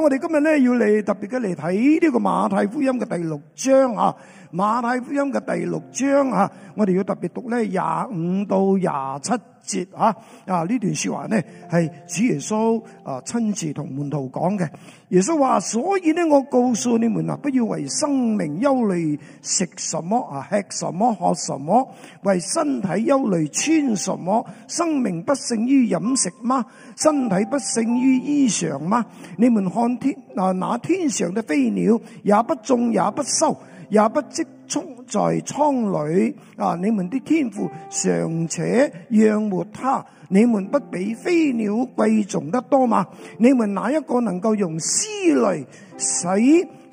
我哋今日咧要嚟特別嘅嚟睇呢個馬太福音嘅第六章啊，馬太福音嘅第六章啊，我哋要特別讀咧廿五到廿七節啊！呢、啊、段說話呢係主耶穌啊親自同門徒講嘅。耶穌話：所以呢，我告訴你們啊，不要為生命憂慮，食什麼啊，吃什麼，喝什麼；為身體憂慮，穿什麼。生命不勝於飲食嗎？身體不勝於衣裳嗎？你們看天啊，那天上的飛鳥，也不種，也不收，也不積。充在倉裏啊！你們的天父尚且養活他，你們不比飛鳥貴重得多嘛？你們哪一個能夠用思慮使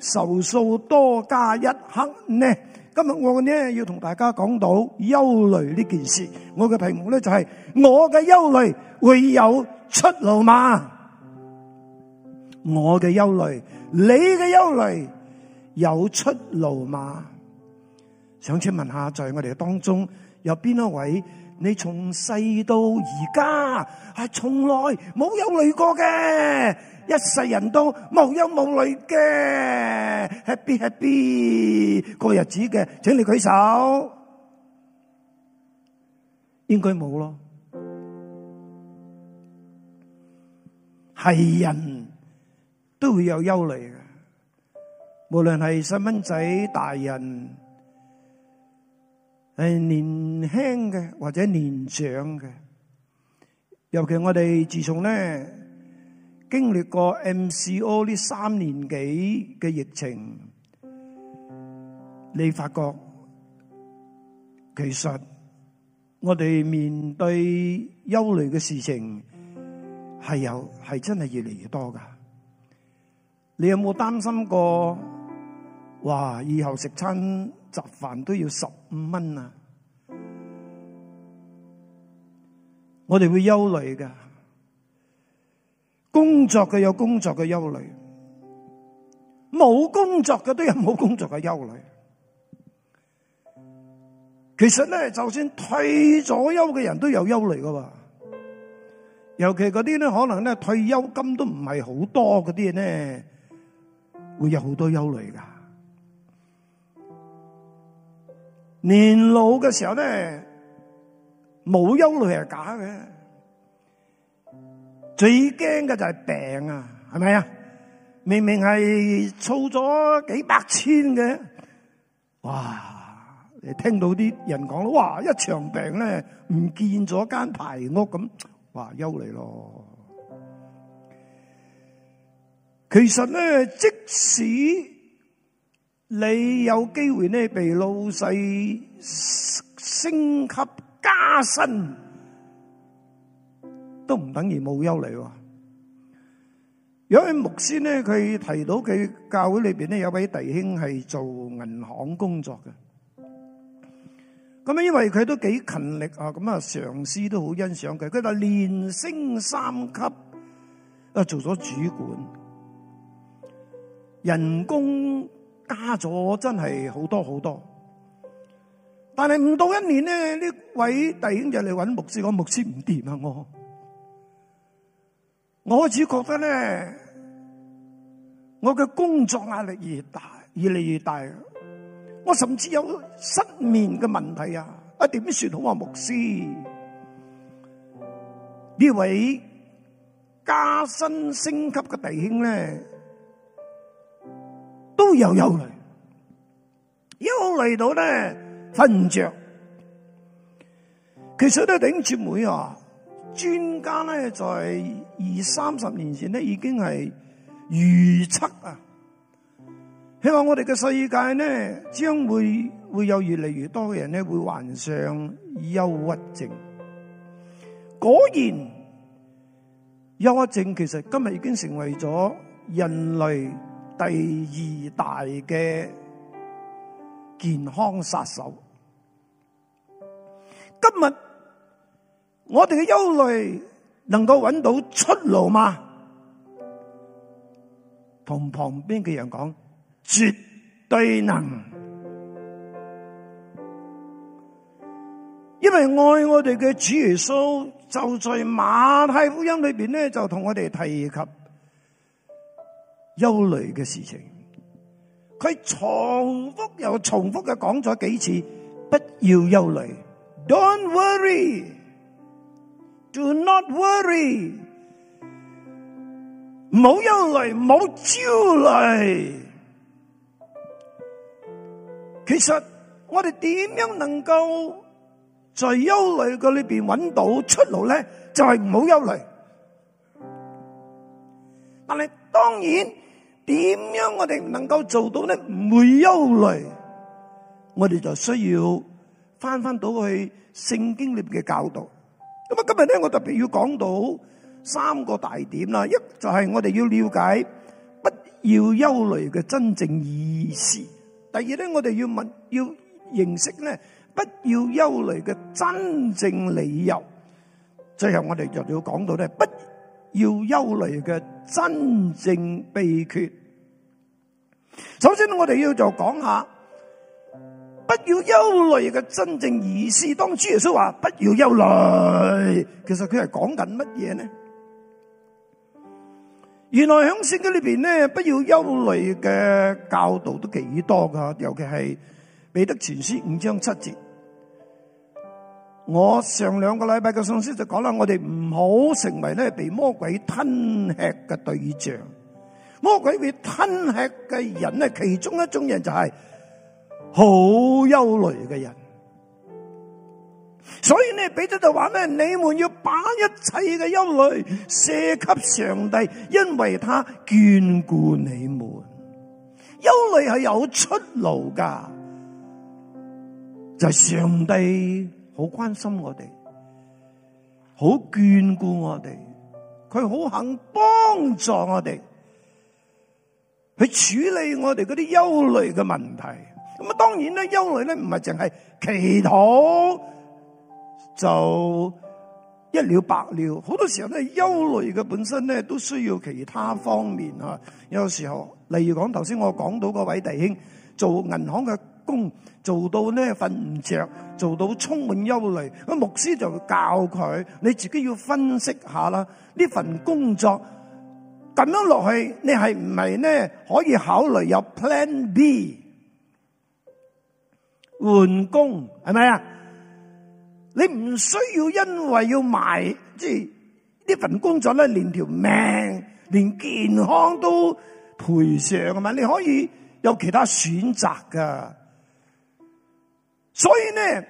壽數多加一刻呢？今日我呢要同大家講到憂慮呢件事，我嘅題目呢就係我嘅憂慮會有出路嗎？我嘅憂慮，你嘅憂慮有出路嗎？想請問下，在我哋嘅當中有邊一位？你從細到而家係從來冇憂慮過嘅，一世人都無憂無慮嘅，happy happy 過日子嘅。請你舉手，應該冇咯。係人都會有憂慮嘅，無論係細蚊仔、大人，係年輕嘅或者年長嘅，尤其我哋自從咧經歷過 MCO 呢三年幾嘅疫情，你發覺其實我哋面對憂慮嘅事情係有係真係越嚟越多噶。你有冇擔心過？哇！以後食親。集飯都要十五蚊啊！我哋會憂慮噶，工作嘅有工作嘅憂慮，冇工作嘅都有冇工作嘅憂慮。其實咧，就算退咗休嘅人都有憂慮噶，尤其嗰啲咧可能咧退休金都唔係好多嗰啲咧，會有好多憂慮噶。年老嘅時候咧，冇憂慮係假嘅，最驚嘅就係病啊，係咪啊？明明係儲咗幾百千嘅，哇！你聽到啲人講，哇！一場病咧，唔見咗間排屋咁，哇，憂慮咯。其實咧，即使。你有機會咧被老細升級加薪，都唔等於冇憂慮。因為牧師咧佢提到佢教會裏邊咧有位弟兄係做銀行工作嘅，咁啊因為佢都幾勤力啊，咁啊上司都好欣賞佢，佢就連升三級，啊做咗主管，人工。加咗真係好多好多，但係唔到一年咧，呢位弟兄就嚟揾牧師講，牧師唔掂啊！我開始，我只覺得咧，我嘅工作壓力越大，越嚟越大，我甚至有失眠嘅問題啊！我點算好啊？牧師，呢位加薪升級嘅弟兄咧？都有憂慮，又憂慮到咧瞓唔着。其實咧頂住妹啊！專家咧在二三十年前咧已經係預測啊，希望我哋嘅世界咧將會會有越嚟越多嘅人咧會患上憂鬱症。果然，憂鬱症其實今日已經成為咗人類。第二大嘅健康殺手，今日我哋嘅憂慮能夠揾到出路嗎？同旁邊嘅人講，絕對能，因為愛我哋嘅主耶穌就在馬太福音裏邊咧，就同我哋提及。憂慮嘅事情，佢重複又重複嘅講咗幾次，不要憂慮，Don't worry, do not worry，冇憂慮，冇焦慮。其實我哋點樣能夠在憂慮嘅裏邊揾到出路咧？就係冇憂慮。但係當然。點樣我哋能夠做到呢？唔會憂慮，我哋就需要翻翻到去聖經裏面嘅教導。咁啊，今日咧我特別要講到三個大點啦。一就係我哋要了解不要憂慮嘅真正意思；第二咧，我哋要問要認識咧不要憂慮嘅真正理由。最後我哋就要講到咧不。要憂慮嘅真正秘訣，首先我哋要就講下，不要憂慮嘅真正意思。當主耶穌話不要憂慮，其實佢係講緊乜嘢呢？原來喺聖經裏邊呢，不要憂慮嘅教導都幾多噶，尤其係彼得前書五章七節。我上兩個禮拜嘅信息就講啦，我哋唔好成為咧被魔鬼吞吃嘅對象。魔鬼會吞吃嘅人咧，其中一種人就係好憂慮嘅人。所以咧，彼得就話咩？「你們要把一切嘅憂慮卸給上帝，因為他眷顧你們。憂慮係有出路噶，就係上帝。好關心我哋，好眷顧我哋，佢好肯幫助我哋，去處理我哋嗰啲憂慮嘅問題。咁啊，當然咧，憂慮咧唔係淨係祈禱就一了百了，好多時候咧，憂慮嘅本身咧都需要其他方面啊。有時候，例如講頭先我講到嗰位弟兄做銀行嘅。工做到咧瞓唔着，做到充滿憂慮，個牧師就會教佢，你自己要分析下啦，呢份工作咁樣落去，你係唔係咧可以考慮有 Plan B 換工係咪啊？你唔需要因為要賣即係呢份工作咧，連條命、連健康都賠償啊嘛。你可以有其他選擇噶。所以呢，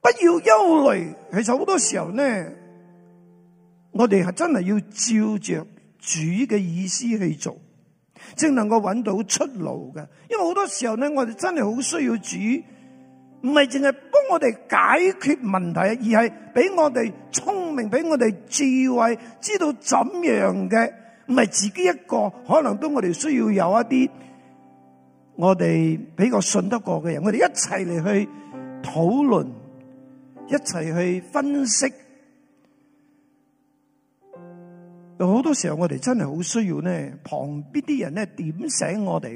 不要憂慮。其實好多時候呢，我哋係真係要照着主嘅意思去做，先能夠揾到出路嘅。因為好多時候呢，我哋真係好需要主，唔係淨係幫我哋解決問題，而係俾我哋聰明，俾我哋智慧，知道怎樣嘅，唔係自己一個，可能都我哋需要有一啲。我哋比較信得過嘅人，我哋一齊嚟去討論，一齊去分析。有好多時候，我哋真係好需要呢，旁邊啲人呢點醒我哋。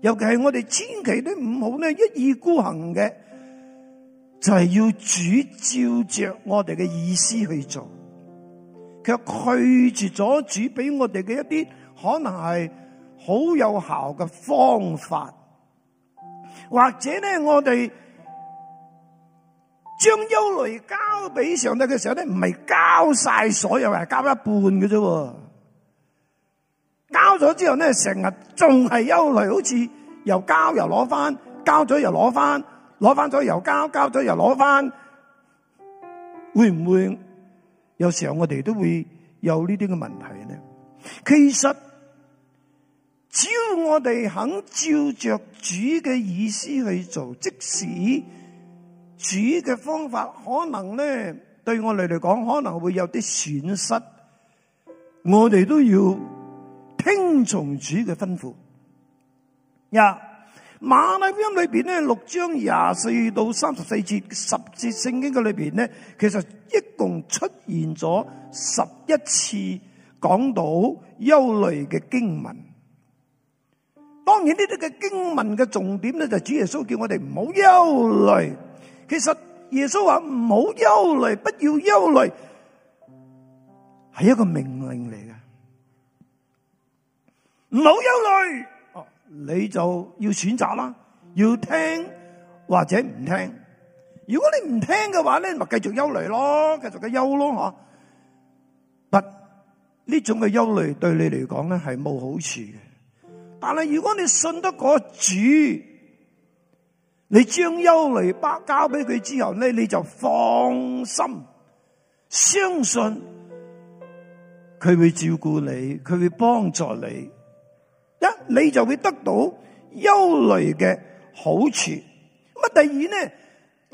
尤其係我哋千祈都唔好呢，一意孤行嘅，就係要主照着我哋嘅意思去做，卻拒絕咗主俾我哋嘅一啲，可能係。好有效嘅方法，或者咧，我哋將憂慮交俾上帝嘅時候咧，唔係交晒所有，係交一半嘅啫。交咗之後咧，成日仲係憂慮，好似又交又攞翻，交咗又攞翻，攞翻咗又交，交咗又攞翻，會唔會有時候我哋都會有呢啲嘅問題咧？其實。只要我哋肯照着主嘅意思去做，即使主嘅方法可能咧對我哋嚟講可能會有啲損失，我哋都要聽從主嘅吩咐。呀，馬太福音裏邊咧六章廿四到三十四節十節聖經嘅裏邊咧，其實一共出現咗十一次講到憂慮嘅經文。當然呢啲嘅經文嘅重點咧，就係主耶穌叫我哋唔好憂慮。其實耶穌話唔好憂慮，不要憂慮，係一個命令嚟嘅。唔好憂慮，你就要選擇啦，要聽或者唔聽。如果你唔聽嘅話咧，咪繼續憂慮咯，繼續嘅憂咯，吓。不呢種嘅憂慮對你嚟講咧，係冇好處嘅。但係如果你信得過主，你將憂慮包交俾佢之後咧，你就放心，相信佢會照顧你，佢會幫助你，一你就會得到憂慮嘅好處。咁第二咧。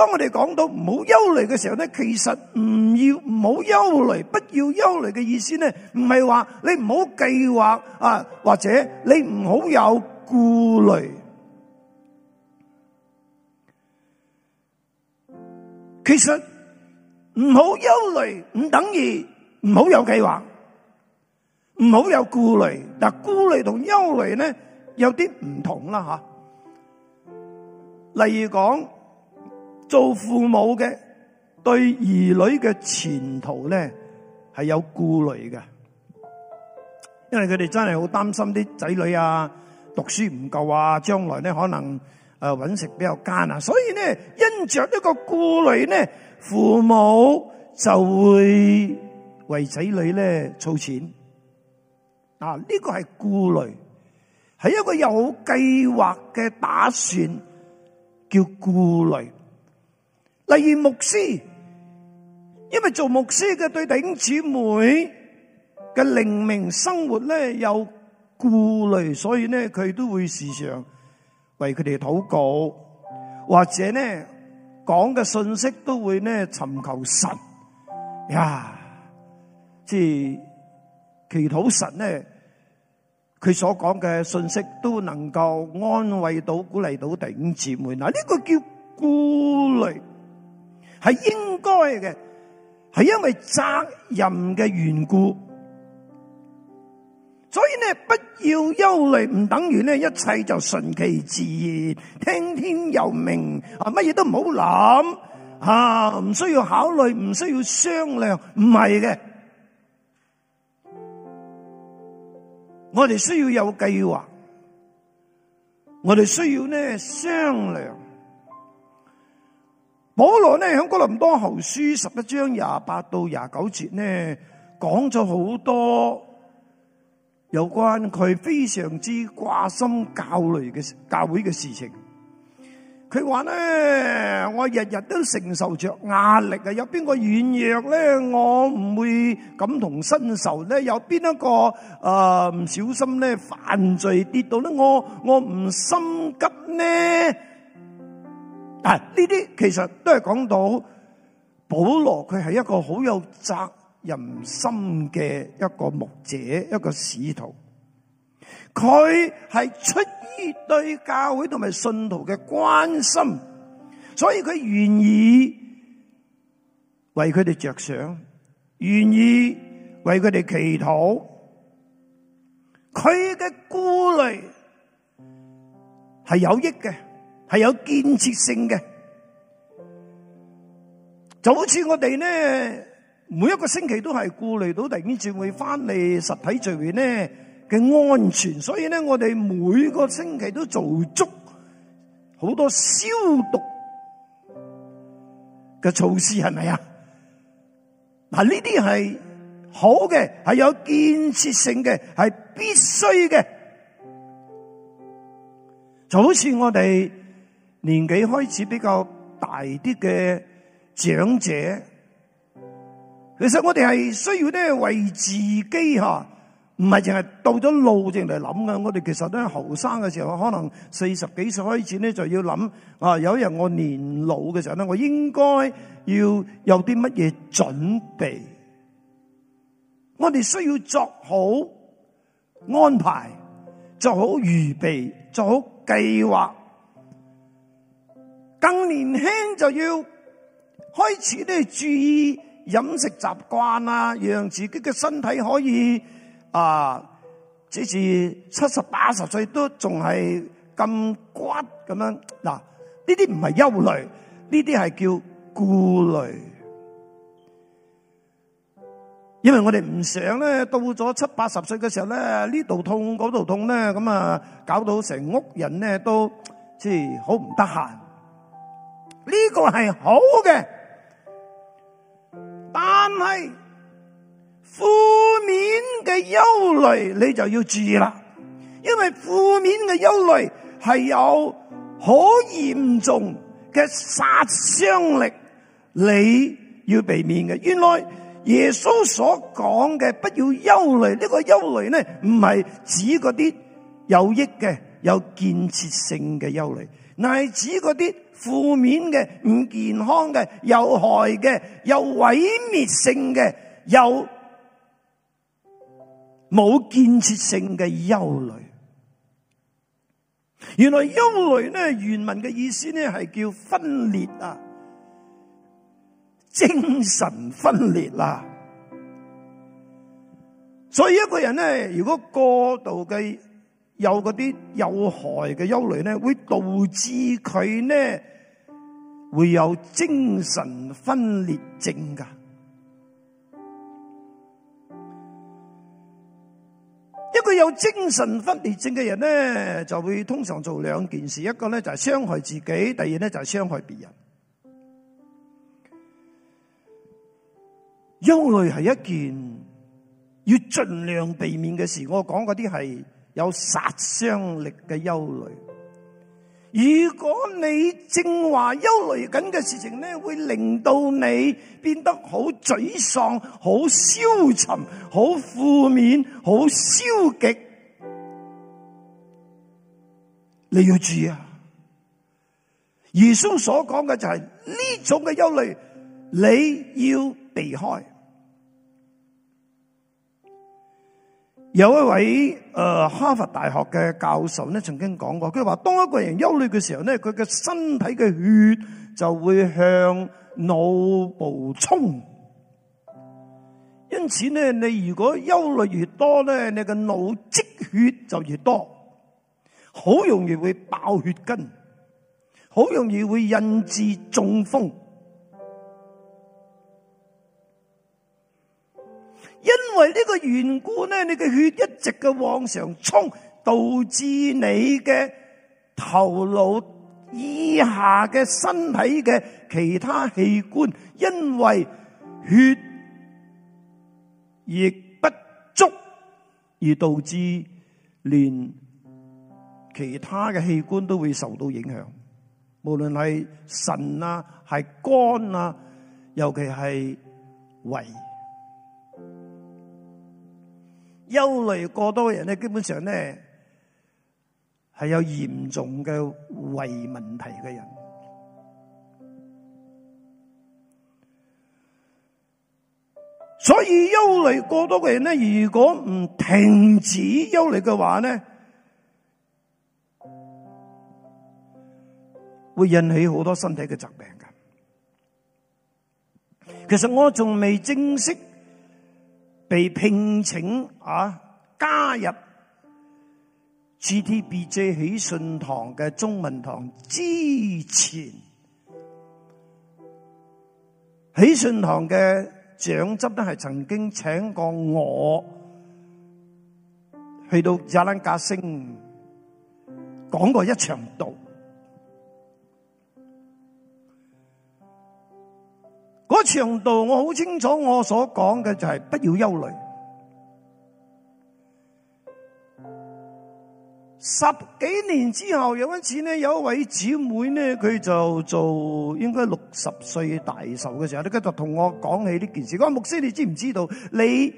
當我哋講到唔好憂慮嘅時候咧，其實唔要唔好憂慮，不要憂慮嘅意思咧，唔係話你唔好計劃啊，或者你唔好有顧慮。其實唔好憂慮唔等於唔好有計劃，唔好有顧慮。但顧慮同憂慮咧有啲唔同啦，吓。例如講。做父母嘅對兒女嘅前途咧係有顧慮嘅，因為佢哋真係好擔心啲仔女啊讀書唔夠啊，將來咧可能誒揾食比較艱難，所以咧因着一個顧慮咧，父母就會為仔女咧儲錢啊！呢個係顧慮，係一個有計劃嘅打算，叫顧慮。第二，牧師，因為做牧師嘅對弟兄姊妹嘅靈命生活咧有顧慮，所以咧佢都會時常為佢哋禱告，或者咧講嘅信息都會咧尋求神，呀，即係祈禱神咧，佢所講嘅信息都能夠安慰到鼓勵到弟兄姊妹，嗱呢個叫顧慮。係應該嘅，係因為責任嘅緣故，所以呢，不要憂慮，唔等於呢一切就順其自然、聽天由命啊！乜嘢都唔好諗啊，唔需要考慮，唔需要商量，唔係嘅，我哋需要有計劃，我哋需要呢商量。保羅呢喺哥林多後書十一章廿八到廿九節呢，講咗好多有關佢非常之掛心教類嘅教會嘅事情。佢話呢，我日日都承受着壓力啊！有邊個軟弱呢，我唔會感同身受呢？有邊一個誒唔小心呢犯罪跌倒呢？我我唔心急呢？啊！呢啲其實都係講到保羅佢係一個好有責任心嘅一個牧者，一個使徒，佢係出於對教會同埋信徒嘅關心，所以佢願意為佢哋着想，願意為佢哋祈禱。佢嘅顧慮係有益嘅。係有建設性嘅，就好似我哋咧，每一個星期都係顧慮到嚟呢聚會翻嚟實體聚會咧嘅安全，所以咧我哋每個星期都做足好多消毒嘅措施，係咪啊？嗱，呢啲係好嘅，係有建設性嘅，係必須嘅，就好似我哋。年紀開始比較大啲嘅長者，其實我哋係需要咧為自己吓，唔係淨係到咗路淨嚟諗嘅。我哋其實都係後生嘅時候，可能四十幾歲開始咧就要諗啊，有一日我年老嘅時候咧，我應該要有啲乜嘢準備。我哋需要做好安排，做好預備，做好計劃。更年輕就要開始咧，注意飲食習慣啊，讓自己嘅身體可以啊，即係七十八十歲都仲係咁骨咁樣嗱。呢啲唔係憂慮，呢啲係叫顧慮，因為我哋唔想咧到咗七八十歲嘅時候咧，呢度痛嗰度痛咧，咁啊搞到成屋人咧都即係好唔得閒。呢個係好嘅，但係負面嘅憂慮你就要注意啦，因為負面嘅憂慮係有好嚴重嘅殺傷力，你要避免嘅。原來耶穌所講嘅不要憂慮，呢個憂慮呢唔係指嗰啲有益嘅、有建設性嘅憂慮，乃係指嗰啲。負面嘅、唔健康嘅、有害嘅、有毀滅性嘅、有冇建設性嘅憂慮。原來憂慮咧，原文嘅意思咧係叫分裂啊，精神分裂啦。所以一個人咧，如果過度嘅有嗰啲有害嘅憂慮咧，會導致佢咧。會有精神分裂症㗎，一個有精神分裂症嘅人咧，就會通常做兩件事，一個咧就係、是、傷害自己，第二咧就係、是、傷害別人。憂慮係一件要盡量避免嘅事，我講嗰啲係有殺傷力嘅憂慮。如果你正話憂慮緊嘅事情咧，會令到你變得好沮喪、好消沉、好負面、好消極，你要注意啊！耶穌所講嘅就係、是、呢種嘅憂慮，你要避開。有一位誒哈佛大學嘅教授咧，曾經講過，佢話當一個人憂慮嘅時候咧，佢嘅身體嘅血就會向腦部衝。因此咧，你如果憂慮越多咧，你嘅腦積血就越多，好容易會爆血筋，好容易會引致中風。因為呢個緣故咧，你嘅血一直嘅往上衝，導致你嘅頭腦以下嘅身體嘅其他器官，因為血液不足，而導致連其他嘅器官都會受到影響。無論係腎啊，係肝啊，尤其係胃。憂慮過多嘅人咧，基本上咧係有嚴重嘅胃問題嘅人。所以憂慮過多嘅人咧，如果唔停止憂慮嘅話咧，會引起好多身體嘅疾病嘅。其實我仲未正式。被聘請啊，加入 GTBJ 喜信堂嘅中文堂之前，喜信堂嘅長執都係曾經請過我去到雅蘭加星講過一場道。嗰場道我好清楚，我所講嘅就係不要憂慮。十幾年之後有一次咧，有一位姊妹咧，佢就做應該六十歲大壽嘅時候咧，佢就同我講起呢件事。我牧師，你知唔知道？你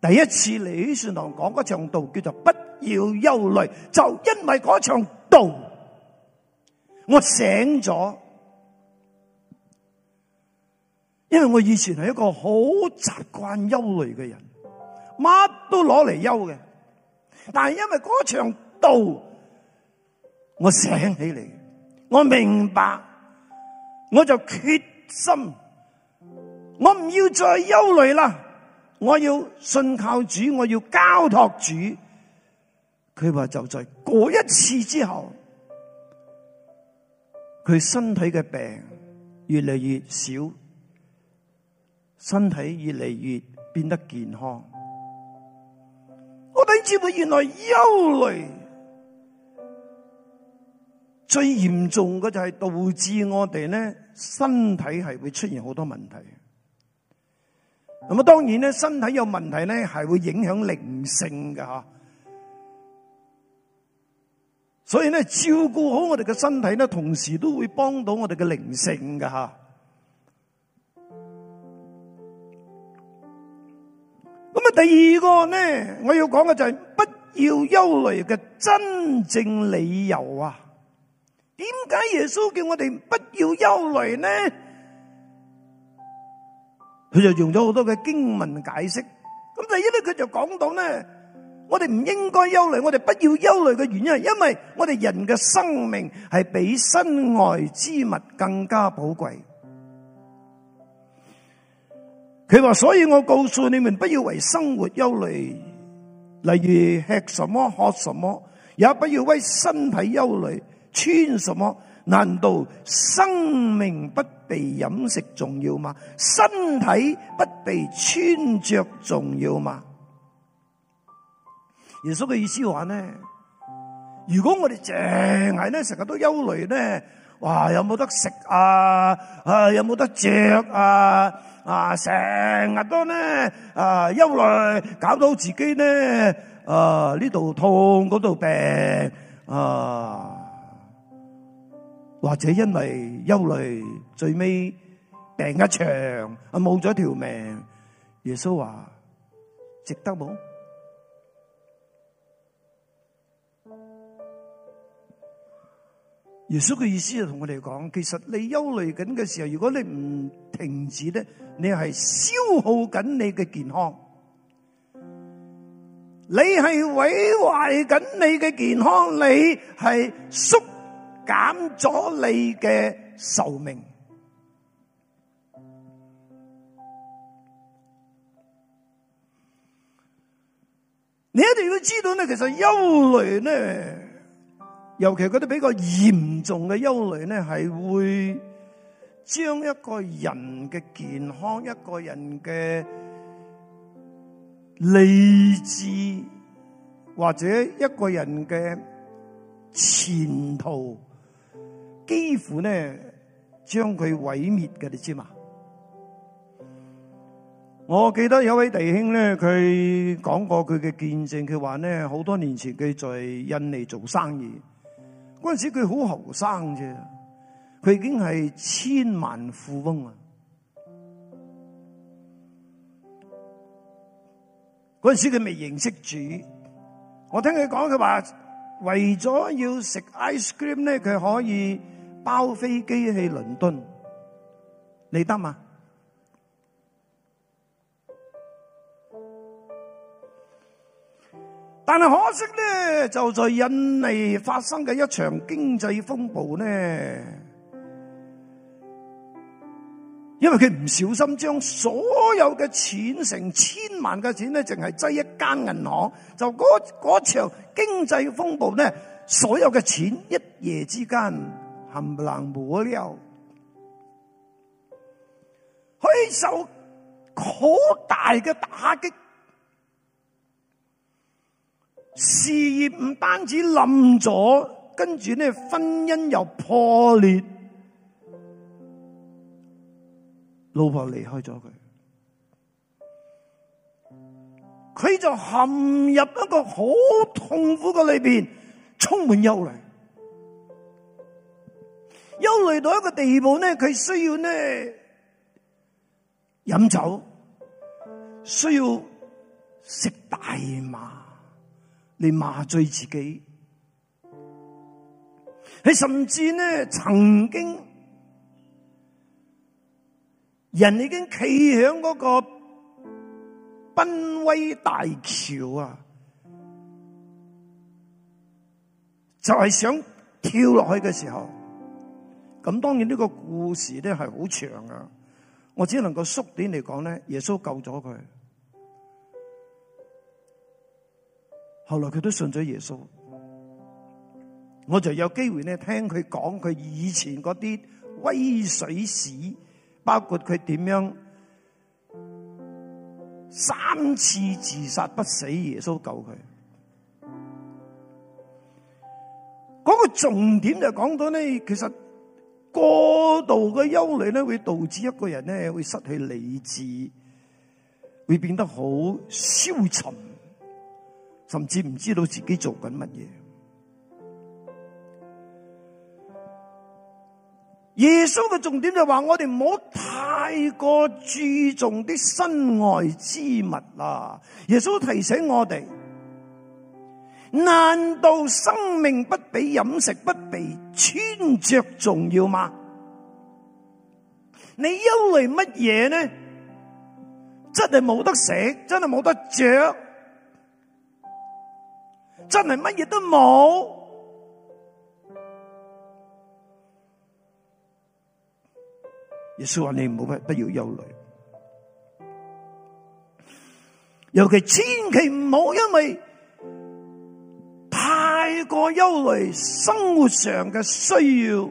第一次嚟呢神堂講嗰場道，叫做不要憂慮，就因為嗰場道，我醒咗。因為我以前係一個好習慣憂慮嘅人，乜都攞嚟憂嘅。但係因為嗰場道，我醒起嚟，我明白，我就決心，我唔要再憂慮啦。我要信靠主，我要交託主。佢話就在嗰一次之後，佢身體嘅病越嚟越少。身體越嚟越變得健康，我哋只會越嚟越憂慮，最嚴重嘅就係導致我哋咧身體係會出現好多問題。咁啊，當然咧，身體有問題咧係會影響靈性㗎吓。所以咧，照顧好我哋嘅身體咧，同時都會幫到我哋嘅靈性㗎吓。咁啊，第二個咧，我要講嘅就係不要憂慮嘅真正理由啊！點解耶穌叫我哋不要憂慮呢？佢就用咗好多嘅經文解釋。咁第一咧，佢就講到咧，我哋唔應該憂慮，我哋不要憂慮嘅原因係因為我哋人嘅生命係比身外之物更加寶貴。佢話，所以我告訴你們，不要為生活憂慮，例如吃什麼、喝什麼，也不要為身體憂慮，穿什麼。難道生命不比飲食重要嗎？身體不比穿着重要嗎？耶穌嘅意思話呢？如果我哋淨係呢成日都憂慮呢？啊！有冇得食啊？誒，有冇得着啊？啊，成日都咧誒憂慮，搞到自己咧誒呢度痛嗰度病啊，或者因為憂慮，最尾病一場啊，冇咗條命。耶穌話：值得冇？耶穌嘅意思就同我哋講，其實你憂慮緊嘅時候，如果你唔停止咧，你係消耗緊你嘅健康，你係毀壞緊你嘅健康，你係縮減咗你嘅壽命。你一定要知道咧，其實憂慮咧。尤其嗰啲比較嚴重嘅憂慮咧，係會將一個人嘅健康、一個人嘅理智或者一個人嘅前途，幾乎咧將佢毀滅嘅，你知嘛？我記得有位弟兄咧，佢講過佢嘅見證，佢話咧好多年前佢在印尼做生意。嗰陣時佢好後生啫，佢已經係千萬富翁啊！嗰陣時佢未認識主，我聽佢講佢話為咗要食 ice cream 咧，佢可以包飛機去倫敦，你得嘛？但係可惜咧，就在印尼發生嘅一場經濟風暴咧，因為佢唔小心將所有嘅錢成千萬嘅錢咧，淨係擠一間銀行，就嗰嗰場經濟風暴咧，所有嘅錢一夜之間冚唪唥冇咗，佢受好大嘅打擊。事業唔單止冧咗，跟住咧，婚姻又破裂，老婆離開咗佢，佢就陷入一個好痛苦嘅裏邊，充滿憂慮，憂慮到一個地步咧，佢需要呢飲酒，需要食大麻。嚟麻醉自己，佢甚至呢曾經人已經企喺嗰個檳威大橋啊，就係、是、想跳落去嘅時候，咁當然呢個故事呢係好長啊，我只能夠縮短嚟講呢，耶穌救咗佢。後來佢都信咗耶穌，我就有機會咧聽佢講佢以前嗰啲威水史，包括佢點樣三次自殺不死，耶穌救佢。嗰個重點就講到呢，其實過度嘅憂慮咧會導致一個人咧會失去理智，會變得好消沉。甚至唔知道自己做緊乜嘢，耶穌嘅重點就話我哋唔好太過注重啲身外之物啦。耶穌提醒我哋：難道生命不比飲食不比穿着重要嗎？你憂慮乜嘢呢？真係冇得食，真係冇得着。真係乜嘢都冇。耶穌話你唔好不，不要憂慮，尤其千祈唔好因為太過憂慮，生活上嘅需要，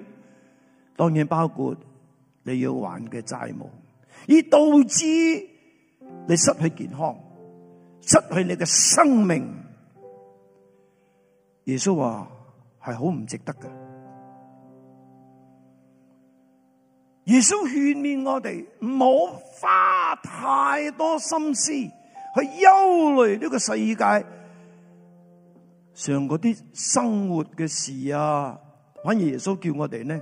當然包括你要還嘅債務，而導致你失去健康，失去你嘅生命。耶穌話係好唔值得嘅，耶穌勸勉我哋唔好花太多心思去憂慮呢個世界上嗰啲生活嘅事啊，反而耶穌叫我哋呢，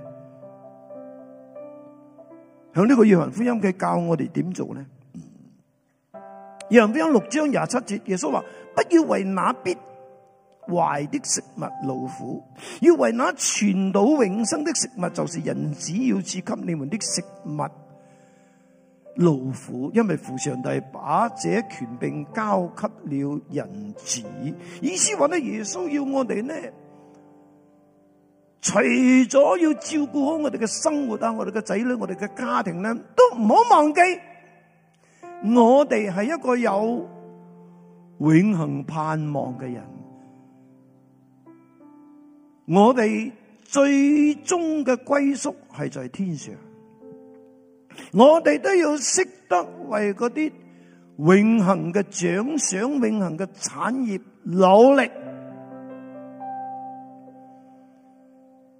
響呢個約翰福音嘅教我哋點做呢？約翰福音六章廿七節，耶穌話：不要為那必壞的食物，老虎，要為那存到永生的食物，就是人子要賜給你們的食物，老虎，因為父上帝把這權柄交給了人子。意思話咧，耶穌要我哋咧，除咗要照顧好我哋嘅生活啊，我哋嘅仔女，我哋嘅家庭咧，都唔好忘記，我哋係一個有永恆盼望嘅人。我哋最終嘅歸宿係在天上，我哋都要識得為嗰啲永恒嘅獎賞、永恒嘅產業努力。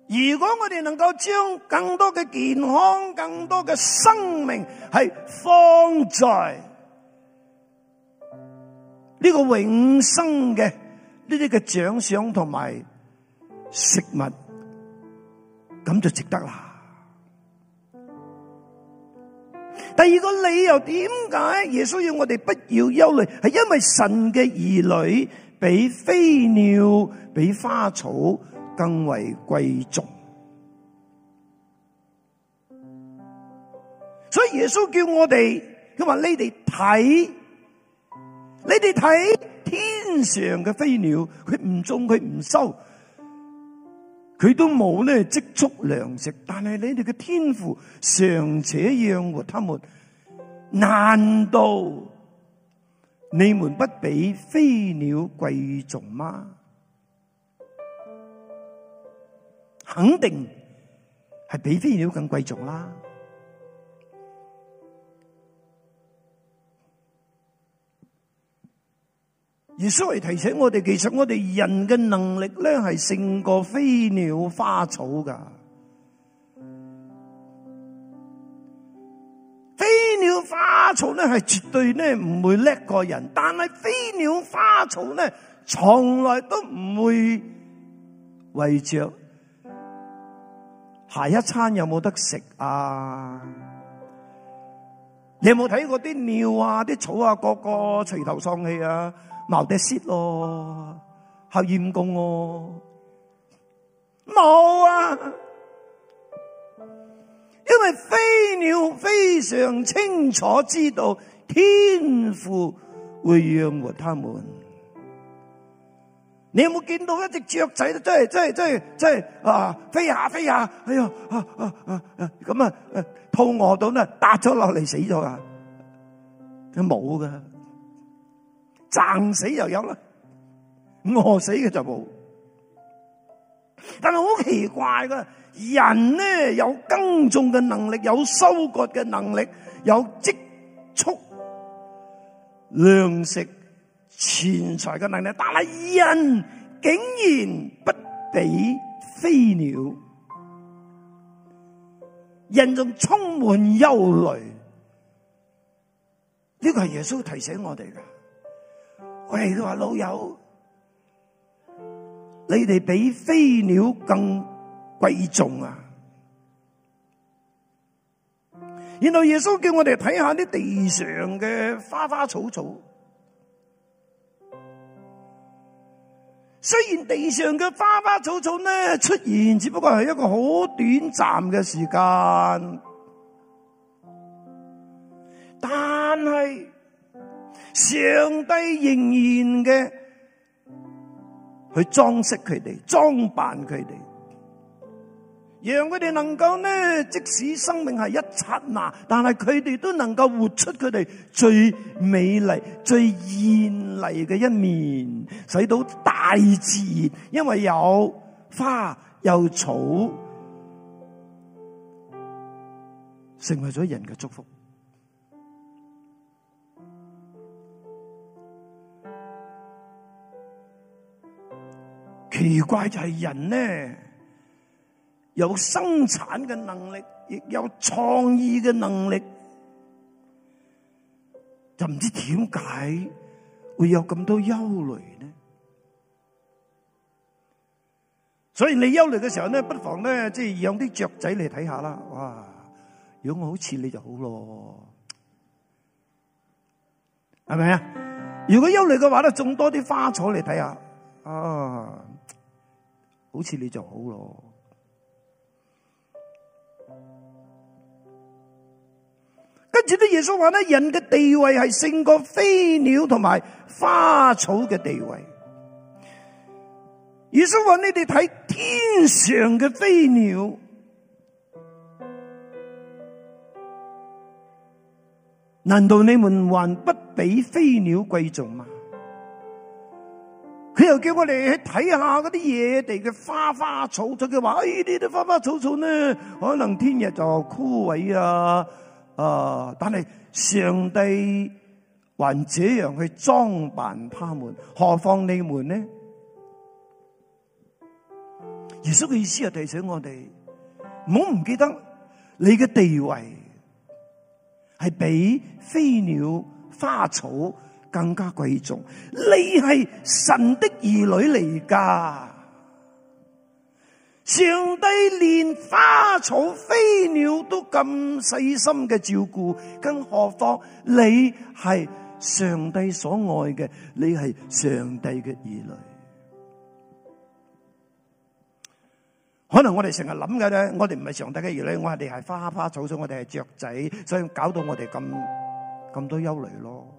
如果我哋能夠將更多嘅健康、更多嘅生命係放在呢個永生嘅呢啲嘅獎賞同埋。食物咁就值得啦。第二個理由，點解耶穌要我哋不要憂慮？係因為神嘅兒女比飛鳥、比花草更為貴重。所以耶穌叫我哋，佢話你哋睇，你哋睇天上嘅飛鳥，佢唔種，佢唔收。佢都冇咧積蓄糧食，但係你哋嘅天父尚且養活他們，難道你們不比飛鳥貴重嗎？肯定係比飛鳥更貴重啦。而所以提醒我哋，其實我哋人嘅能力咧係勝過飛鳥花草噶。飛鳥花草咧係絕對咧唔會叻過人，但係飛鳥花草咧從來都唔會為着下一餐有冇得食啊？你有冇睇過啲鳥啊、啲草啊，個個垂頭喪氣啊？冇得蝕咯，好冤公咯，冇啊！因為飛鳥非常清楚知道天父會養活他們。你有冇見到一隻雀仔？真係真係真係真係啊！飛下飛下，哎呀咁啊，啊，啊，肚餓到呢，搭咗落嚟死咗噶，佢冇噶。撐死又有啦，餓死嘅就冇。但係好奇怪㗎，人呢，有耕種嘅能力，有收割嘅能力，有積蓄糧食錢財嘅能力，但係人竟然不比飛鳥，人仲充滿憂慮。呢個係耶穌提醒我哋嘅。喂，佢話老友，你哋比飛鳥更貴重啊！然後耶穌叫我哋睇下啲地上嘅花花草草，雖然地上嘅花花草草呢，出現只不過係一個好短暫嘅時間，但係。上帝仍然嘅去裝飾佢哋，裝扮佢哋，讓佢哋能夠呢，即使生命係一剎那，但係佢哋都能夠活出佢哋最美麗、最艷麗嘅一面，使到大自然，因為有花有草，成為咗人嘅祝福。奇怪就係人呢，有生產嘅能力，亦有創意嘅能力，就唔知點解會有咁多憂慮呢？所以你憂慮嘅時候呢，不妨呢即係養啲雀仔嚟睇下啦。哇，如果我好似你就好咯，係咪啊？如果憂慮嘅話，呢種多啲花草嚟睇下，哦、啊。好似你就好咯，跟住啲耶穌話咧，人嘅地位係勝過飛鳥同埋花草嘅地位。耶穌話：你哋睇天上嘅飛鳥，難道你們還不比飛鳥貴重嗎？佢又叫我哋去睇下嗰啲野地嘅花花草草，佢話：誒呢啲花花草草咧可能聽日就枯萎啊！啊，但係上帝還這樣去裝扮他們，何況你們呢？耶穌嘅意思係提醒我哋，唔好唔記得你嘅地位係比飛鳥、花草。更加貴重，你係神的兒女嚟噶。上帝連花草飛鳥都咁細心嘅照顧，更何況你係上帝所愛嘅，你係上帝嘅兒女。可能我哋成日諗嘅啫，我哋唔係上帝嘅兒女，我哋係花花草草，我哋係雀仔，所以搞到我哋咁咁多憂慮咯。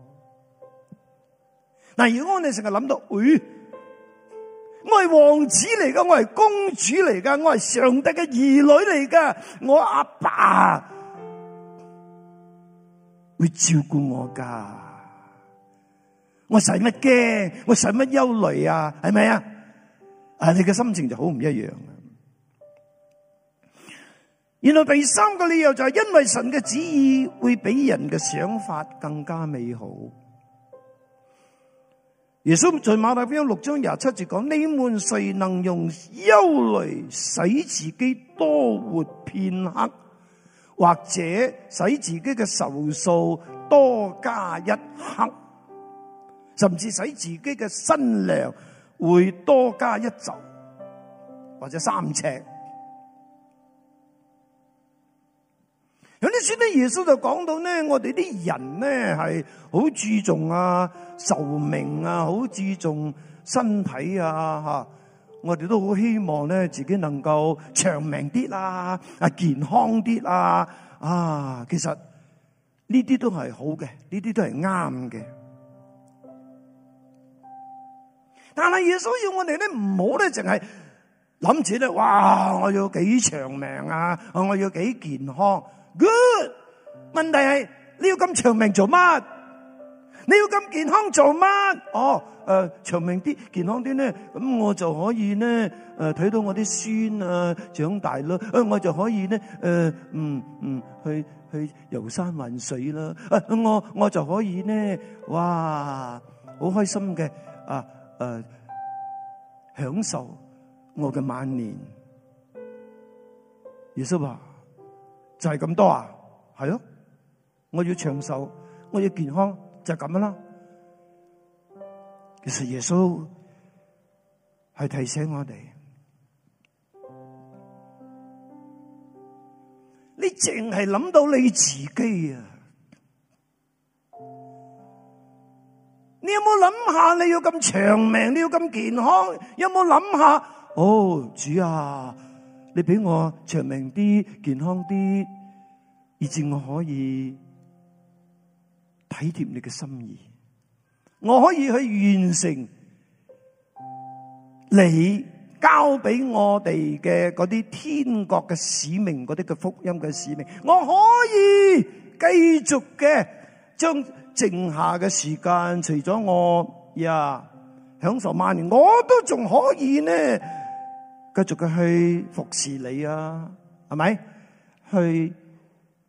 嗱，如果你成日諗到，喂、哎，我係王子嚟噶，我係公主嚟噶，我係上帝嘅兒女嚟噶，我阿爸會照顧我噶，我使乜驚，我使乜憂慮啊？係咪啊？啊，你嘅心情就好唔一樣啦。然後第三個理由就係因為神嘅旨意會比人嘅想法更加美好。耶穌在馬太福音六章廿七節講：你們誰能用憂慮使自己多活片刻，或者使自己嘅壽數多加一刻，甚至使自己嘅身量會多加一肘或者三尺？有啲先咧，耶穌就講到咧，我哋啲人咧係好注重啊壽命啊，好注重身體啊，吓，我哋都好希望咧自己能夠長命啲啦，啊健康啲啦。啊，其實呢啲都係好嘅，呢啲都係啱嘅，但係耶穌要我哋咧唔好咧淨係諗住咧，哇，我要幾長命啊，我要幾健康。Good，問題係你要咁長命做乜？你要咁健康做乜？哦，誒、呃，長命啲、健康啲咧，咁我就可以咧，誒、呃，睇到我啲孫啊長大咯誒，我就可以咧，誒、呃，嗯嗯，去去遊山玩水啦，啊，我我就可以咧，哇，好開心嘅，啊誒、呃，享受我嘅晚年。耶穌話、啊。就係咁多啊，係咯，我要長壽，我要健康，就係咁樣啦。其實耶穌係提醒我哋，你淨係諗到你自己啊，你有冇諗下你要咁長命，你要咁健康？有冇諗下？哦，主啊！你俾我長命啲、健康啲，以致我可以體貼你嘅心意。我可以去完成你交俾我哋嘅嗰啲天國嘅使命，嗰啲嘅福音嘅使命。我可以繼續嘅將剩下嘅時間，除咗我呀享受晚年，我都仲可以呢。繼續佢去服侍你啊，係咪？去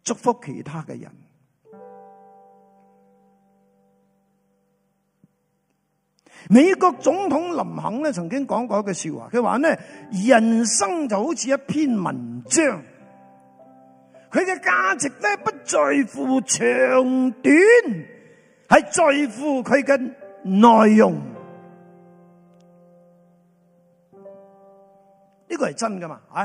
祝福其他嘅人。美國總統林肯咧曾經講過一句說話，佢話咧：人生就好似一篇文章，佢嘅價值咧不在乎長短，係在乎佢嘅內容。呢個係真噶嘛？啊，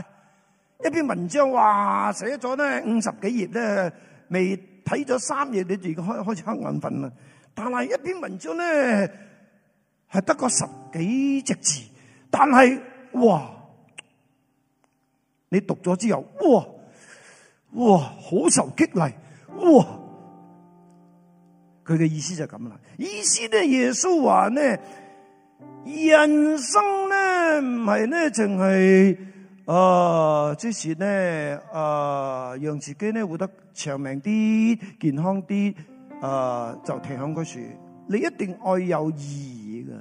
一篇文章話寫咗咧五十幾頁咧，未睇咗三頁，你哋開開始瞌眼瞓啊，但係一篇文章咧係得個十幾隻字，但係哇，你讀咗之後，哇哇好受激勵，哇！佢嘅意思就係咁啦。意思咧，耶穌話咧人生。唔係咧，淨係誒之前咧誒讓自己咧活得長命啲、健康啲，誒、呃，就停響嗰處。你一定愛有意義嘅，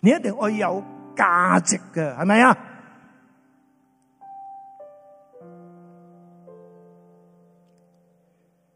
你一定愛有價值嘅，係咪啊？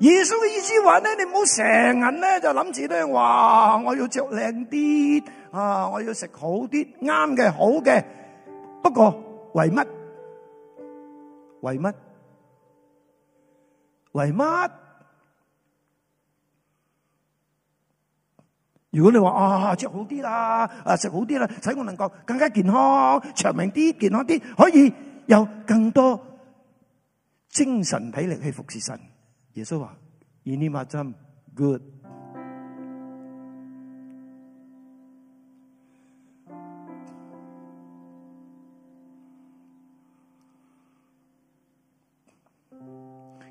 耶穌嘅意思話咧，你唔好成日咧就諗住咧，哇！我要着靚啲啊，我要食好啲，啱嘅好嘅。不過為乜？為乜？為乜？如果你話啊着好啲啦，啊食好啲啦，使我能夠更加健康、長命啲、健康啲，可以有更多精神體力去服侍神。耶穌話：呢啲唔係咁 good。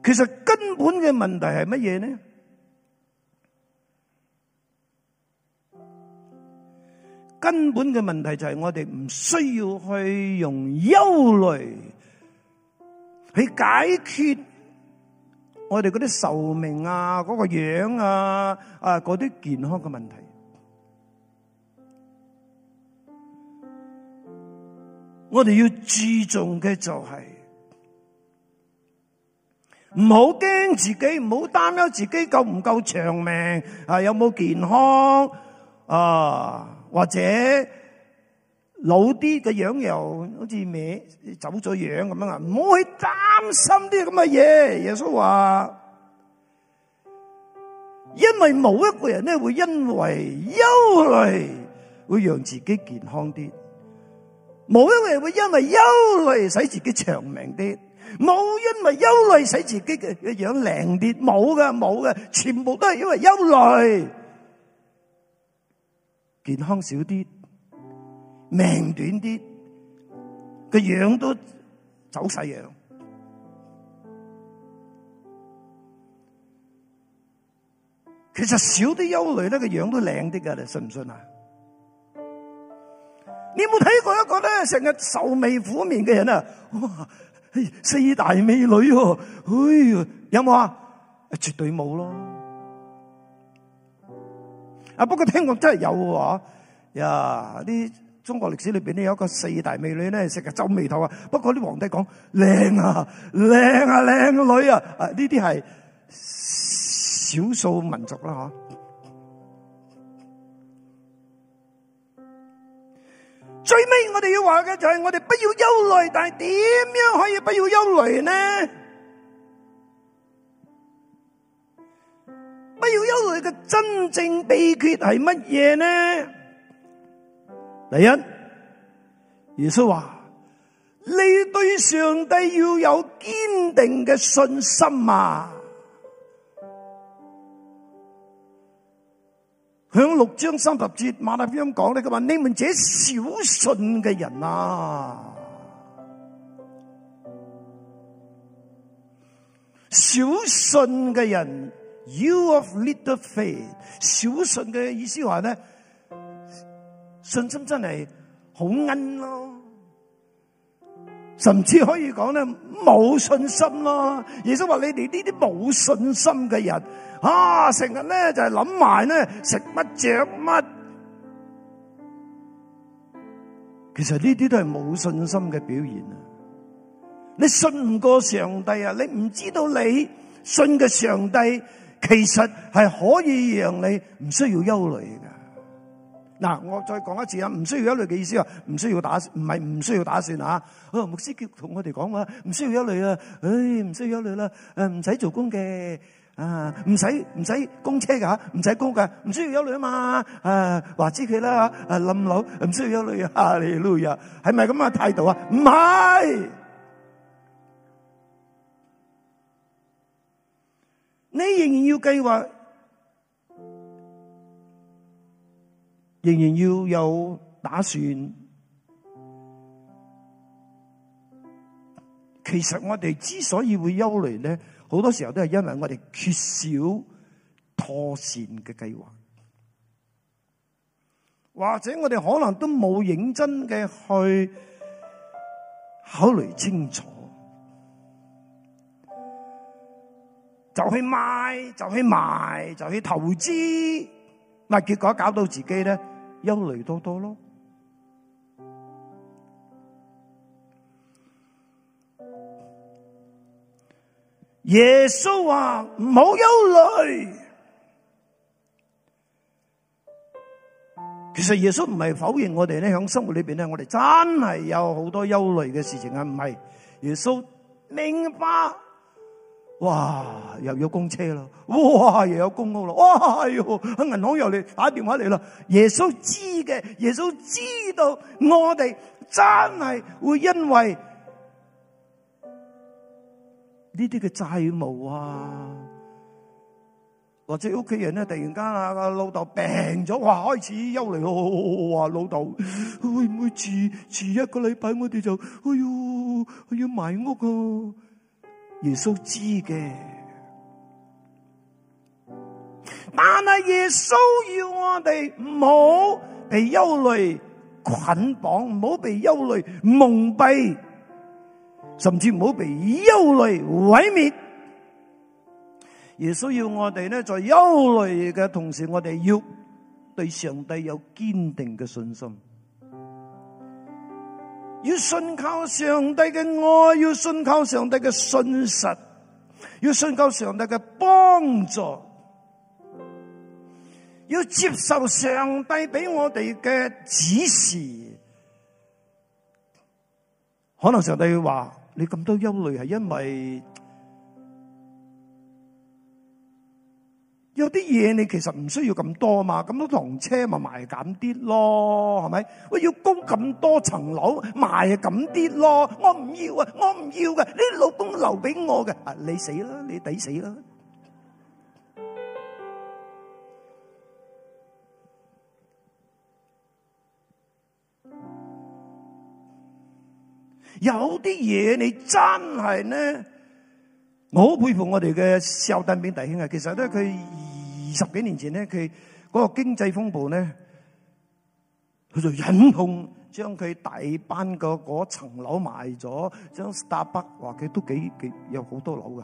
其實根本嘅問題係乜嘢呢？根本嘅問題就係我哋唔需要去用憂慮去解決。我哋嗰啲壽命啊，嗰個樣啊，啊嗰啲健康嘅問題，我哋要注重嘅就係唔好驚自己，唔好擔憂自己夠唔夠長命，啊有冇健康啊或者。老啲嘅樣又好似咩走咗樣咁樣啊！唔好去擔心啲咁嘅嘢。耶穌話：因為冇一個人咧會因為憂慮會讓自己健康啲，冇一個人會因為憂慮使自己長命啲，冇因為憂慮使自己嘅嘅樣靚啲。冇嘅，冇嘅，全部都係因為憂慮，健康少啲。命短啲，個樣都走曬樣。其實少啲憂慮咧，個樣都靚啲噶啦，你信唔信啊？你有冇睇過一個咧，成日愁眉苦面嘅人啊，哇！四大美女喎，哎呀，有冇啊？絕對冇咯。啊，不過聽講真係有喎，呀啲。中國歷史裏邊咧，有一個四大美女咧，食個皺眉頭啊！不過啲皇帝講靚啊，靚啊，靚女啊！啊，呢啲係少數民族啦嗬。最尾我哋要話嘅就係我哋不要憂慮，但係點樣可以不要憂慮呢？不要憂慮嘅真正秘訣係乜嘢呢？第一，耶穌話：你對上帝要有堅定嘅信心啊！響六章三十節，馬太福音講咧，佢話：你們這小信嘅人啊，小信嘅人，you of little faith。小信嘅意思話咧。信心真係好奀咯，甚至可以講咧冇信心咯。耶穌話：你哋呢啲冇信心嘅人，啊成日咧就係諗埋咧食乜着乜，其實呢啲都係冇信心嘅表現啊！你信唔過上帝啊？你唔知道你信嘅上帝其實係可以讓你唔需要憂慮嘅。嗱，我再講一次啊，唔需要憂慮嘅意思啊，唔需要打，唔係唔需要打算啊。啊，牧師叫同我哋講話，唔需要憂慮啊，唉，唔需要憂慮啦，誒，唔使做工嘅，啊，唔使唔使公車噶，唔使高嘅，唔需要憂慮啊嘛。啊，話知佢啦啊，冧樓唔需要憂慮啊，你累啊，係咪咁嘅態度啊？唔係，你仍然要計劃。仍然要有打算。其實我哋之所以會憂慮咧，好多時候都係因為我哋缺少妥善嘅計劃，或者我哋可能都冇認真嘅去考慮清楚，就去賣，就去賣，就去投資。咪結果搞到自己咧憂慮多多咯。耶穌話冇憂慮，其實耶穌唔係否認我哋咧，響生活裏邊咧，我哋真係有好多憂慮嘅事情啊，唔係？耶穌明白。哇，又有公車咯！哇，又有公屋咯！哇，哎喲喺銀行又嚟打電話嚟啦！耶穌知嘅，耶穌知道我哋真係會因為呢啲嘅債務啊，或者屋企人咧突然間啊老豆病咗，哇開始憂慮，話老豆會唔會遲遲一個禮拜，我哋就哎呦，我要賣屋啊！耶穌知嘅，但係耶穌要我哋唔好被憂慮捆綁，唔好被憂慮蒙蔽，甚至唔好被憂慮毀滅。耶穌要我哋咧，在憂慮嘅同時，我哋要對上帝有堅定嘅信心。要信靠上帝嘅愛，要信靠上帝嘅信實，要信靠上帝嘅幫助，要接受上帝俾我哋嘅指示。可能上帝會話：你咁多憂慮係因為……有啲嘢你其實唔需要咁多嘛，咁多房車咪賣減啲咯，係咪？我要供咁多層樓賣減啲咯，我唔要啊，我唔要嘅，你老公留俾我嘅，你死啦，你抵死啦！有啲嘢你真係呢？我好佩服我哋嘅肖丹炳弟兄啊！其實咧，佢二十幾年前咧，佢嗰個經濟風暴咧，佢就忍痛將佢大班嘅嗰層樓賣咗。將 Starbuck 話佢都幾幾有好多樓㗎。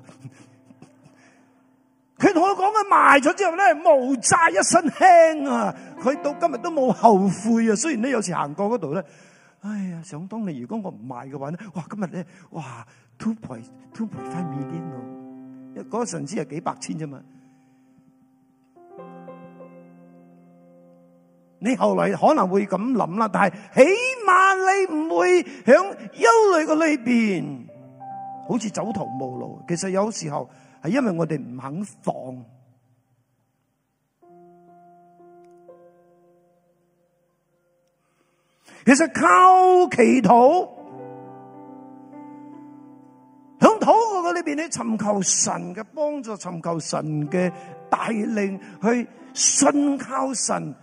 佢 同我講佢賣咗之後咧，無債一身輕啊！佢到今日都冇後悔啊！雖然咧，有時行過嗰度咧，哎呀，想當你如果我唔賣嘅話咧，哇，今日咧，哇！two 倍，two 倍翻面啲咯，一嗰陣時係幾百千啫嘛。你後來可能會咁諗啦，但係起碼你唔會響憂慮嘅裏邊，好似走投無路。其實有時候係因為我哋唔肯放，其實靠祈禱。邊去尋求神嘅幫助，尋求神嘅帶領，去信靠神，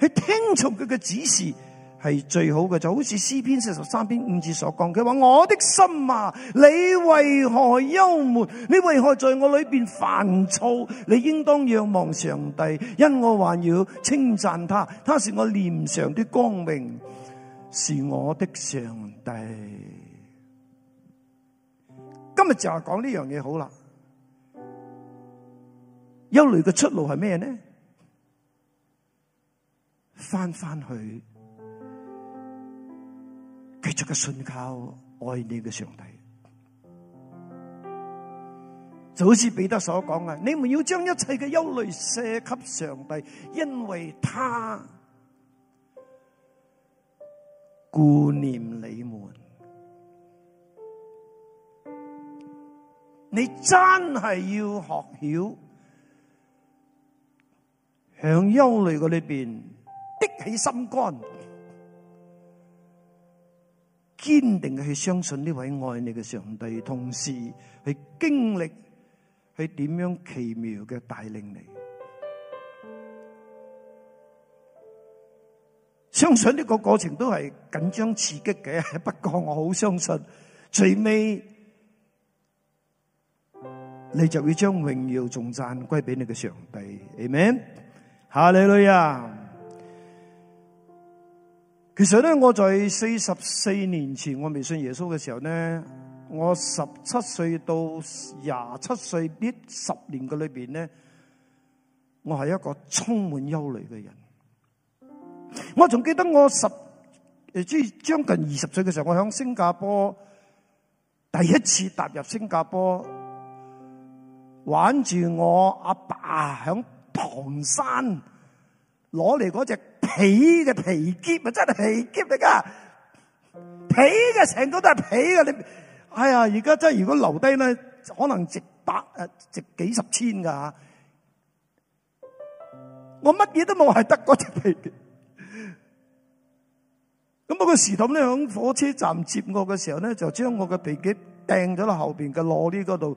去聽從佢嘅指示係最好嘅。就好似詩篇四十三篇五節所講，佢話：我的心啊，你為何憂悶？你為何在我裏面煩躁？你應當仰望上帝，因我還要稱讚他，他是我臉上的光明，是我的上帝。今日就係講呢樣嘢，好啦，憂慮嘅出路係咩呢？返返去，繼續嘅信靠愛你嘅上帝，就好似彼得所講啊，你們要將一切嘅憂慮卸給上帝，因為他顧念你們。你真係要學曉，向憂慮嘅裏邊，的起心肝，堅定去相信呢位愛你嘅上帝，同時去經歷去點樣奇妙嘅帶領你。相信呢個過程都係緊張刺激嘅，不過我好相信最尾。你就會將榮耀、頌讚歸俾你嘅上帝。阿門。下嚟女啊！其實咧，我在四十四年前我未信耶穌嘅時候咧，我十七歲到廿七歲呢十年嘅裏邊咧，我係一個充滿憂慮嘅人。我仲記得我十誒，即係將近二十歲嘅時候，我喺新加坡第一次踏入新加坡。玩住我阿爸喺唐山攞嚟嗰隻皮嘅皮篋啊，真係皮篋嚟噶，皮嘅成個都係皮嘅。你哎呀，而家真係如果留低咧，可能值百誒，值幾十千噶吓。我乜嘢都冇，係得嗰隻皮篋。咁、那、我個時導咧喺火車站接我嘅時候咧，就將我嘅皮篋掟咗落後邊嘅落呢嗰度。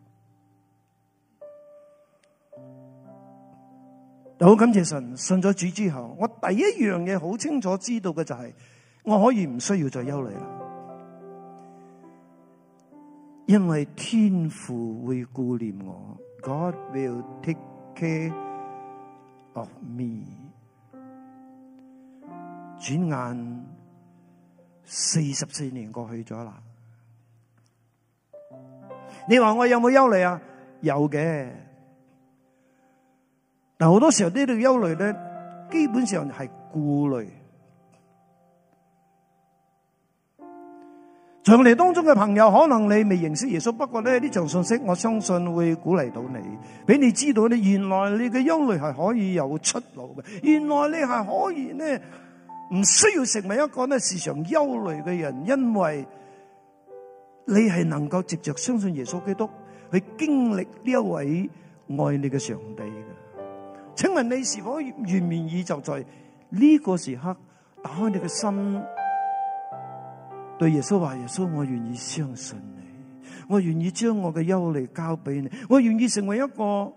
好感謝神，信咗主之後，我第一樣嘢好清楚知道嘅就係，我可以唔需要再憂慮啦，因為天父會顧念我。God will take care of me。轉眼四十四年過去咗啦，你話我有冇憂慮啊？有嘅。但好多時候呢啲憂慮咧，基本上係顧慮。在我哋當中嘅朋友，可能你未認識耶穌，不過咧呢場信息，我相信會鼓勵到你，俾你知道咧，原來你嘅憂慮係可以有出路嘅，原來你係可以咧，唔需要成為一個咧時常憂慮嘅人，因為你係能夠藉着相信耶穌基督去經歷呢一位愛你嘅上帝。請問你是否願唔願意就在呢個時刻打開你嘅心，對耶穌話：耶穌，我願意相信你，我願意將我嘅憂慮交俾你，我願意成為一個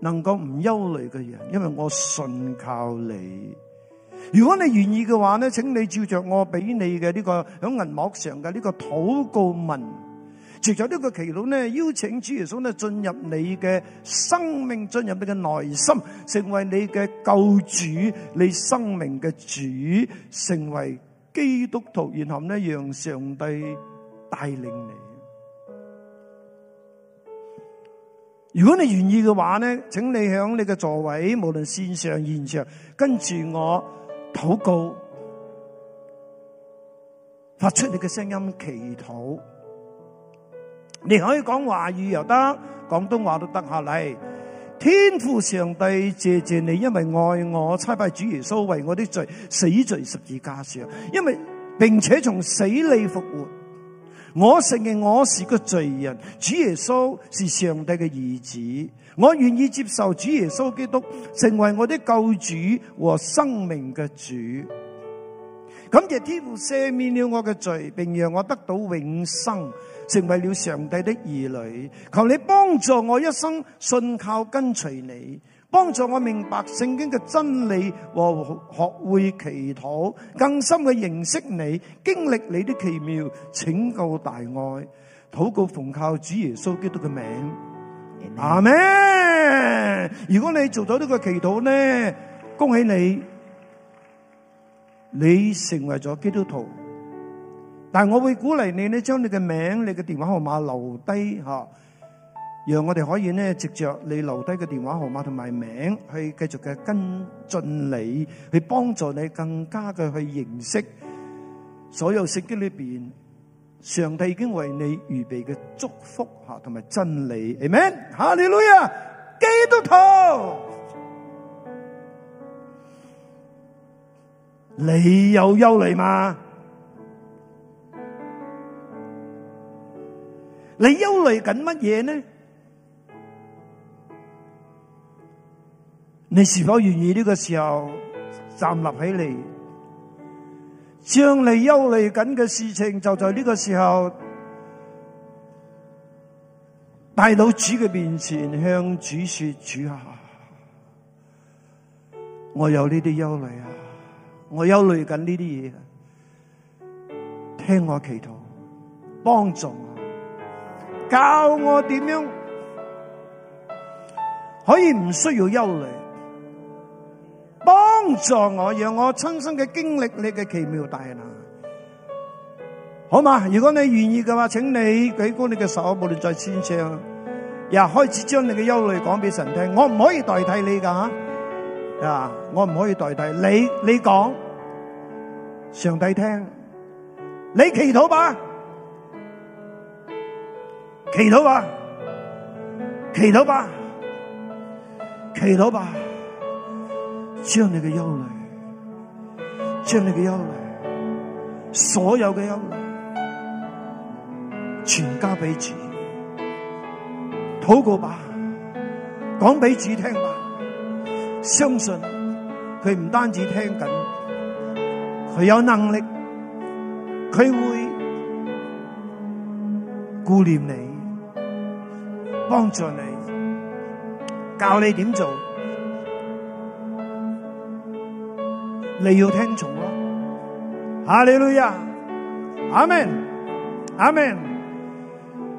能夠唔憂慮嘅人，因為我信靠你。如果你願意嘅話咧，請你照着我俾你嘅呢個響銀幕上嘅呢個禱告文。除咗呢個祈禱咧，邀請主耶穌咧進入你嘅生命，進入你嘅內心，成為你嘅救主，你生命嘅主，成為基督徒，然後咧讓上帝帶領你。如果你願意嘅話咧，請你響你嘅座位，無論線上、現場，跟住我禱告，發出你嘅聲音祈禱。你可以講華語又得，廣東話都得下嚟。天父上帝，謝謝你，因為愛我，差派主耶穌為我的罪死在十字架上，因為並且從死裏復活。我承認我是個罪人，主耶穌是上帝嘅兒子，我願意接受主耶穌基督成為我的救主和生命嘅主。感謝天父赦免了我嘅罪，並讓我得到永生。成為了上帝的兒女，求你幫助我一生信靠跟隨你，幫助我明白聖經嘅真理和學會祈禱，更深嘅認識你，經歷你的奇妙拯救大愛，禱告奉靠主耶穌基督嘅名，阿門。如果你做咗呢個祈禱呢，恭喜你，你成為咗基督徒。但係我會鼓勵你咧，將你嘅名，你嘅電話號碼留低吓，讓我哋可以咧藉着你留低嘅電話號碼同埋名，去繼續嘅跟進你，去幫助你更加嘅去認識所有聖經裏邊，上帝已經為你預備嘅祝福吓，同埋真理，Amen？哈利路亞，基督徒，你有憂慮嗎？你憂慮緊乜嘢呢？你是否願意呢個時候站立起嚟，將你憂慮緊嘅事情，就在呢個時候，帶到主嘅面前向主說：主啊，我有呢啲憂慮啊，我憂慮緊呢啲嘢，聽我祈禱，幫助。教我點樣可以唔需要憂慮，幫助我，讓我親身嘅經歷你嘅奇妙大能，好嘛？如果你願意嘅話，請你舉高你嘅手，無論在天上，又開始將你嘅憂慮講俾神聽。我唔可以代替你㗎，啊，我唔可以代替你，你講上帝聽，你祈禱吧。祈禱吧，祈禱吧，祈禱吧，將你嘅憂慮，將你嘅憂慮，所有嘅憂慮，全交俾主，禱告吧，講俾主聽吧，相信佢唔單止聽緊，佢有能力，佢會顧念你。幫助你，教你點做，你要聽從咯、啊。哈利路亞，阿門。阿門。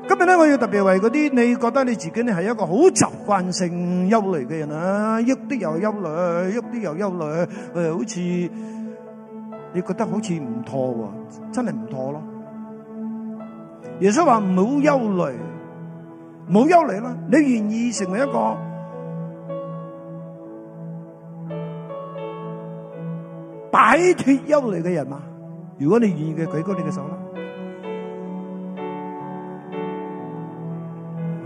今日咧，我要特別為嗰啲你覺得你自己咧係一個好習慣性憂慮嘅人啊，郁啲又憂慮，郁啲又憂慮，好似你覺得好似唔妥啊，真係唔妥咯。耶穌話唔好憂慮。冇憂慮啦，你願意成為一個擺脫憂慮嘅人嗎？如果你願意嘅，舉高你嘅手啦，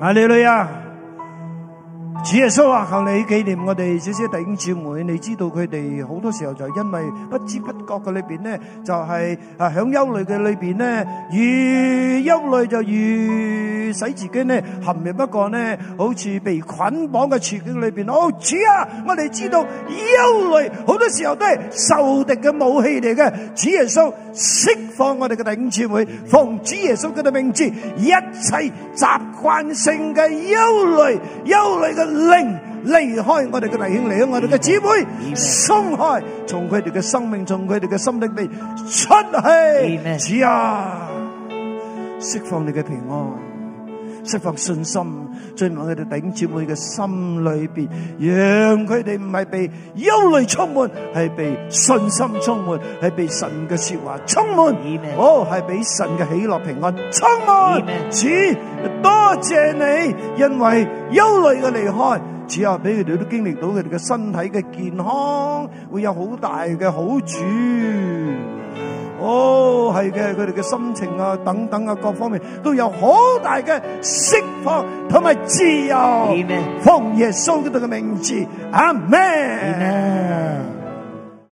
阿女女啊！主耶穌啊，求你紀念我哋少少弟兄姊妹。你知道佢哋好多時候就因為不知不覺嘅裏邊咧，就係啊響憂慮嘅裏邊咧，越憂慮就越使自己咧陷入一個咧好似被捆綁嘅處境裏邊咯。主啊，我哋知道憂慮好多時候都係仇敵嘅武器嚟嘅。主耶穌釋放我哋嘅弟兄姊妹，奉主耶穌嘅嘅名字，一切習慣性嘅憂慮，憂慮嘅。令離開我哋嘅弟兄，離開我哋嘅姊妹，鬆開，從佢哋嘅生命，從佢哋嘅心裏面出去，主啊，釋放你嘅平安。釋放信心，再往佢哋弟兄姊妹嘅心裏邊，讓佢哋唔係被憂慮充滿，係被信心充滿，係被神嘅說話充滿，哦，係俾神嘅喜樂平安充滿。主多謝你，因為憂慮嘅離開，之後俾佢哋都經歷到佢哋嘅身體嘅健康會有好大嘅好處。哦，係嘅，佢哋嘅心情啊，等等啊，各方面都有好大嘅釋放同埋自由，奉 Amen. 耶穌基督嘅名字，阿門。